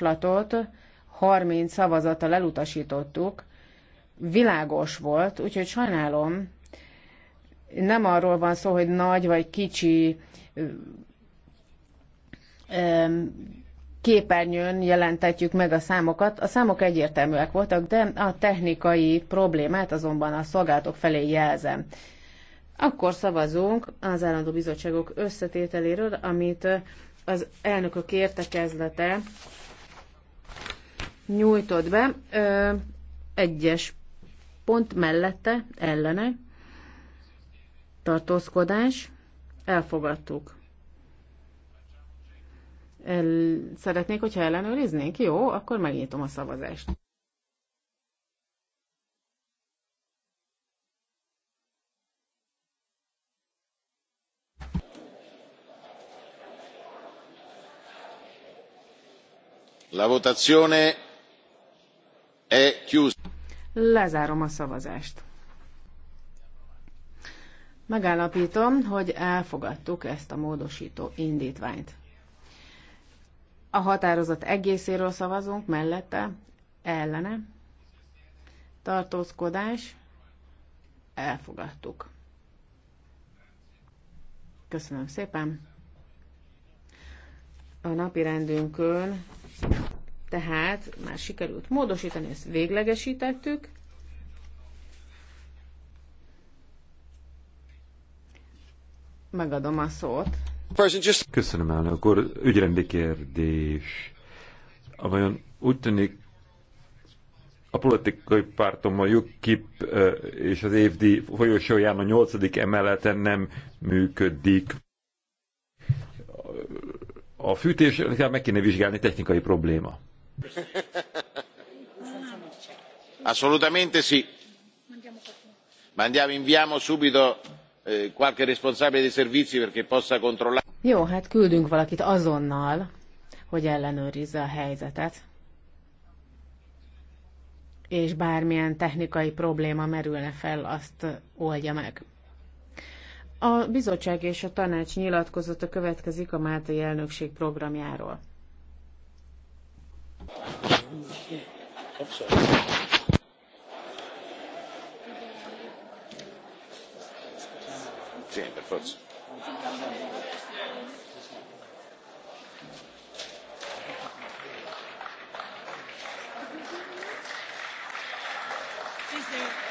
javaslatot 30 szavazattal elutasítottuk. Világos volt, úgyhogy sajnálom, nem arról van szó, hogy nagy vagy kicsi képernyőn jelentetjük meg a számokat. A számok egyértelműek voltak, de a technikai problémát azonban a szolgálatok felé jelzem. Akkor szavazunk az állandó bizottságok összetételéről, amit az elnökök értekezlete Nyújtod be, ö, egyes pont mellette, ellene, tartózkodás, elfogadtuk. El, szeretnék, hogyha ellenőriznénk? Jó, akkor megnyitom a szavazást. La votazione Lezárom a szavazást. Megállapítom, hogy elfogadtuk ezt a módosító indítványt. A határozat egészéről szavazunk, mellette, ellene, tartózkodás, elfogadtuk. Köszönöm szépen! A napi rendünkön tehát már sikerült módosítani, ezt véglegesítettük. Megadom a szót. Köszönöm, elnök Akkor Ügyrendi kérdés. Vajon úgy tűnik, a politikai pártom a UKIP eh, és az évdi folyosóján a nyolcadik emeleten nem működik. A fűtés meg kéne vizsgálni technikai probléma assolutamente sì inviamo subito eh, qualche responsabile dei servizi perché possa controllare. Jó, hát küldünk valakit azonnal, hogy ellenőrizze a helyzetet. És bármilyen technikai probléma merülne fel, azt oldja meg. A bizottság és a tanács nyilatkozata következik a Máltai elnökség programjáról. Sì, Thank you.